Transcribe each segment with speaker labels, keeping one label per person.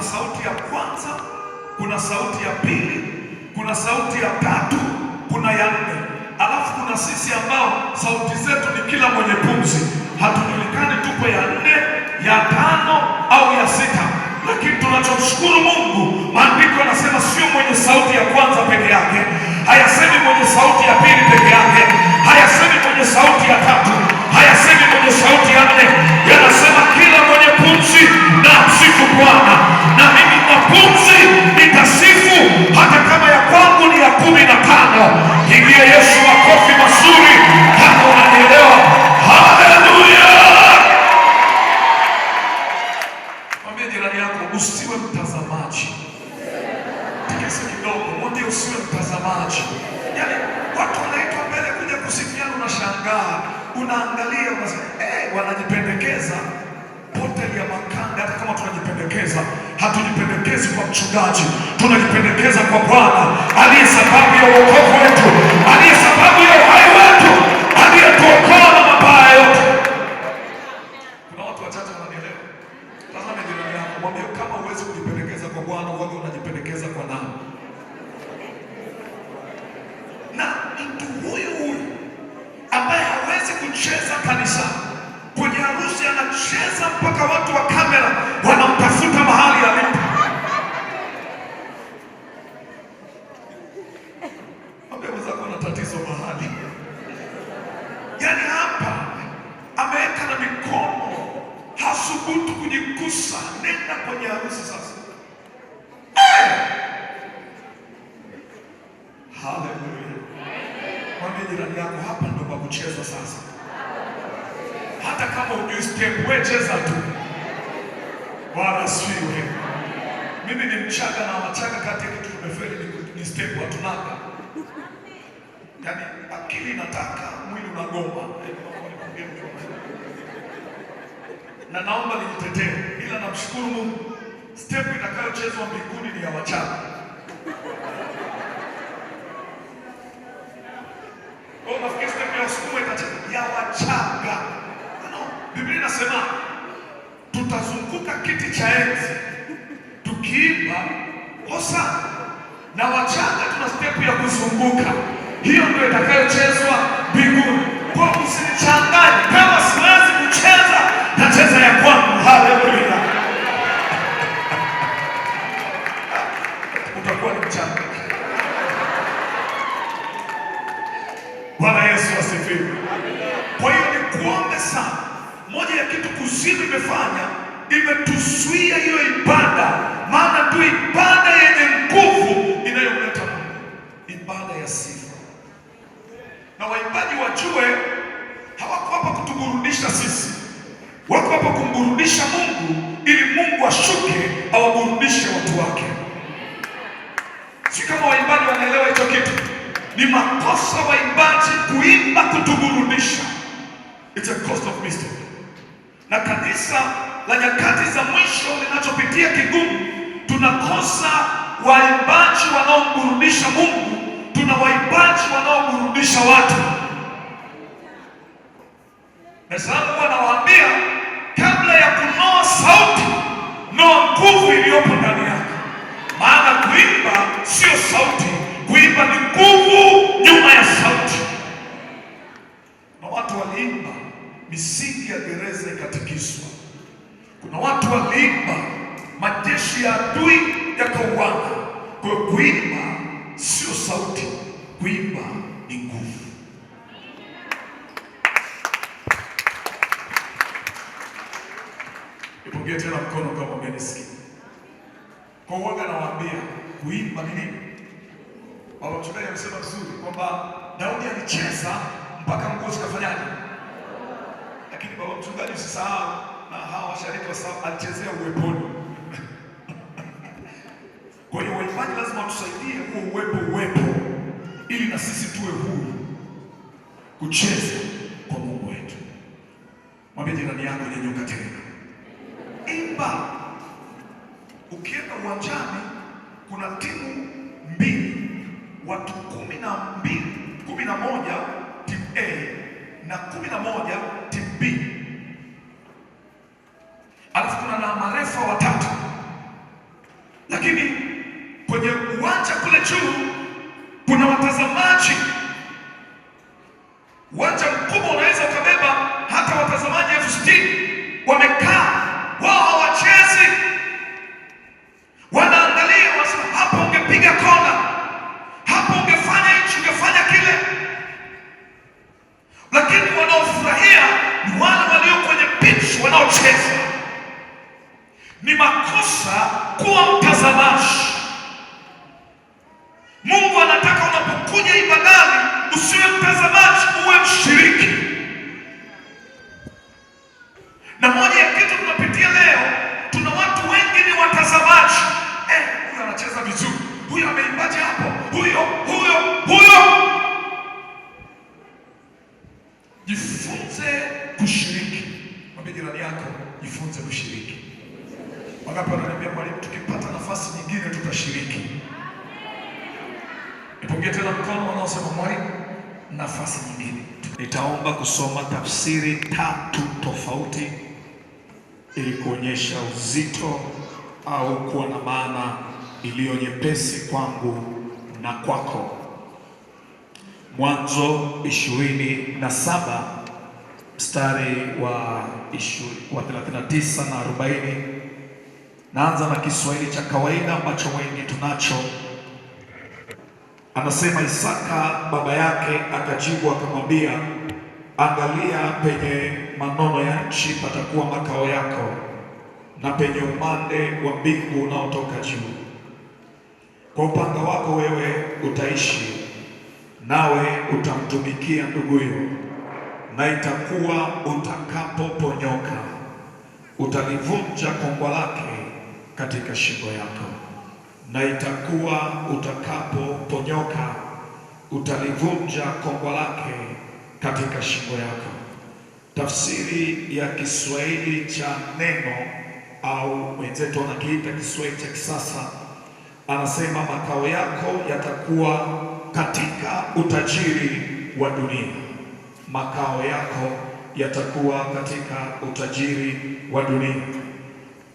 Speaker 1: kuna sauti ya kwanza, kuna sauti ya pili, kuna sauti ya tatu, kuna ya nne, alafu kuna sisi ambao sauti zetu ni kila mwenye pumzi. Hatujulikani tuko ya nne, ya tano au ya sita, lakini tunachomshukuru Mungu hata kama tunajipendekeza, hatujipendekezi kwa mchungaji, tunajipendekeza kwa Bwana aliye sababu ya wokovu wetu, aliye sababu ya uhai wetu, aliyetuokoa na mabaya yote. Kuna watu wachache wananielewa. Tazama jirani yako, mwambie kama huwezi kujipendekeza kwa Bwana, wewe unajipendekeza kwa nani? Na mtu huyu huyu ambaye hawezi kucheza kanisani harusi anacheza mpaka watu wa kamera wanamtafuta mahali alipo. na tatizo mahali, yaani hapa ameweka na mikono, hasubutu kujikusa. Nenda kwenye harusi sasa. wewe cheza tu. Bwana asifiwe. Mimi ni mchaga na wachaga, kati ya kitu tumefeli ni step wa tunaka. Yaani akili nataka mwili unagoma. Na naomba nijitetee, ila namshukuru Mungu, step itakayochezwa mbinguni ni ya wachaga. Nafikiri step ya Wasukuma itachezwa ya wachaga Biblia inasema tutazunguka kiti cha enzi tukiimba Hosana, na wachanga tuna stepu ya kuzunguka. Hiyo ndio itakayochezwa mbinguni, kwa usinichanganye Ni makosa waimbaji kuimba kutuburudisha, it's a cost of mistake. Na kanisa la nyakati za mwisho linachopitia kigumu, tunakosa waimbaji wanaomburudisha Mungu, tuna waimbaji wanaoburudisha watu. Nasababu anawaambia Kwa kuimba sio sauti, kuimba ni nguvu. Ipokee tena mkono kama umenisikia. Kwa uwaga nawaambia kuimba ni nini? Baba mchungaji amesema vizuri kwamba Daudi alicheza mpaka nguo zikafanyaje? Lakini baba mchungaji usisahau na hawa washariki wa alichezea uweponi hatufanyi, lazima tusaidie huo uwepo uwepo, ili na sisi tuwe huru kucheza kwa Mungu wetu. Mwambie jirani yako, nyanyuka tena, imba. Ukienda uwanjani, kuna timu mbili, watu kumi na mbili, kumi na moja timu A na kumi na moja timu B, alafu kuna na marefa wa kwenye uwanja kule juu kuna watazamaji. Uwanja mkubwa unaweza ukabeba hata watazamaji elfu sitini wamekaa wao, hawachezi, wanaangalia wasema, hapo ungepiga kona, hapo ungefanya hichi, ungefanya kile, lakini wanaofurahia ni wale walio kwenye pitch wanaocheza. Ni makosa kuwa mtazamaji. jirani yako, jifunze kushiriki. Wangapi wananiambia mwalimu, tukipata nafasi nyingine tutashiriki? Nipungie tena mkono wanaosema mwalimu, nafasi nyingine.
Speaker 2: Nitaomba kusoma tafsiri tatu tofauti ili kuonyesha uzito au kuwa na maana iliyo nyepesi kwangu na kwako. Mwanzo ishirini na saba mstari wa 39 na 40. Naanza na Kiswahili cha kawaida ambacho wengi tunacho. Anasema Isaka baba yake akajibu akamwambia, angalia, penye manono ya nchi patakuwa makao yako, na penye umande wa mbingu unaotoka juu. Kwa upanga wako wewe utaishi, nawe utamtumikia ndugu yako na itakuwa utakapoponyoka utalivunja kongwa lake katika shingo yako, na itakuwa utakapoponyoka utalivunja kongwa lake katika shingo yako. Tafsiri ya Kiswahili cha neno au wenzetu wanakiita Kiswahili cha kisasa, anasema makao yako yatakuwa katika utajiri wa dunia makao yako yatakuwa katika utajiri wa dunia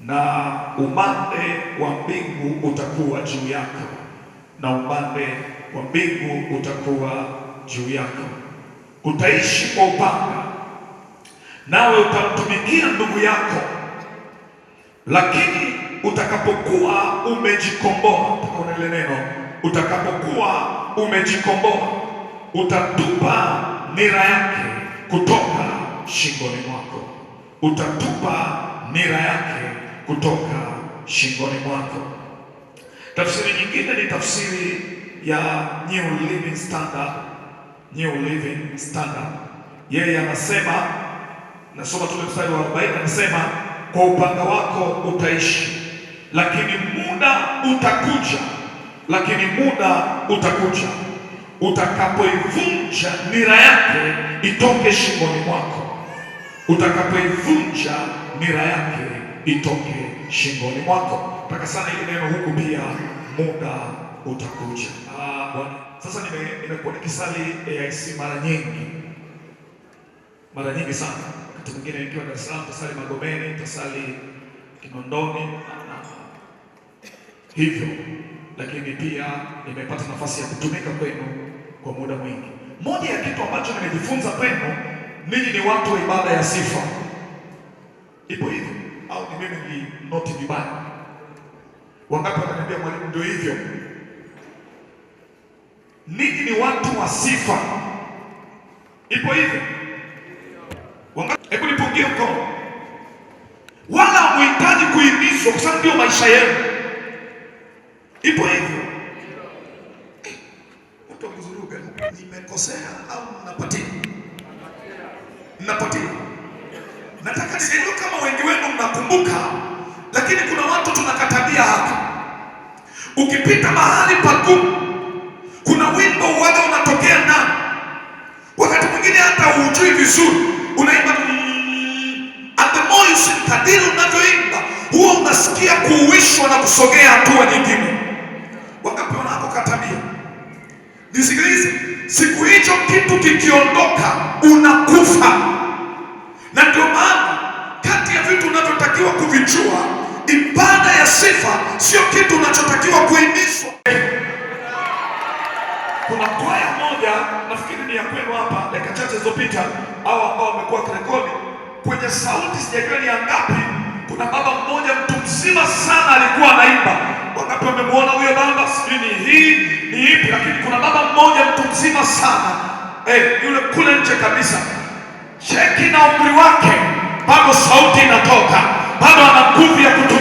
Speaker 2: na umande wa mbingu utakuwa juu yako, na umande wa mbingu utakuwa juu yako. Utaishi kwa upanga, nawe utamtumikia ndugu yako. Lakini utakapokuwa umejikomboa, takaona ile neno, utakapokuwa umejikomboa utatupa nira yake kutoka shingoni mwako, utatupa nira yake kutoka shingoni mwako. Tafsiri nyingine ni tafsiri ya New Living Standard, New Living Standard. Yeye anasema, nasoma tule mstari wa 40, anasema kwa upanga wako utaishi, lakini muda utakuja, lakini muda utakuja utakapoivunja nira yake itoke shingoni mwako, utakapoivunja nira yake itoke shingoni mwako. Mpaka sana ili neno huku, pia muda utakuja. Ah, Bwana, sasa nimekuwa nikisali AIC mara nyingi, mara nyingi sana. Wakati mwingine nikiwa Dar es Salaam tasali Magomeni, tasali Kinondoni hivyo, lakini pia nimepata nafasi ya kutumika kwenu kwa muda mwingi. Moja ya kitu ambacho nimejifunza kwenu, ninyi ni watu wa ibada ya sifa, ipo hivyo au ni mimi ni noti vibaya? Wangapi wananiambia mwalimu, ndio hivyo? Ninyi ni watu wa sifa, ipo hivyo? Hebu nipungie mkono, wala muhitaji kuhimizwa, kwa sababu ndio maisha yenu. mnakosea au mnapotea? Mnapotea. Nataka sijui kama wengi wenu mnakumbuka, lakini kuna watu tunakatabia hapa. Ukipita mahali pagumu, kuna wimbo uwaga unatokea na wakati mwingine hata hujui vizuri, unaimba mm, aemosi kadiri unavyoimba huwa unasikia kuuishwa na kusogea hatua nyingine. Wakapewa nako katabia Nisikilize, siku hicho kitu kikiondoka unakufa. Na ndio maana kati ya vitu unavyotakiwa kuvijua, ibada ya sifa sio kitu unachotakiwa kuimbishwa. Kuna kwaya moja nafikiri ni ya kwenu hapa, dakika chache zilizopita, au ambao wamekuwa kirekodi kwenye sauti, sijajua ni ngapi. Kuna baba mmoja mtu mzima sana alikuwa anaimba wangapi wamemwona huyo baba? Sijui ni hii ni ipi, lakini kuna baba mmoja mtu mzima sana eh, yule kule nje kabisa, cheki na umri wake, bado sauti inatoka, bado ana nguvu ya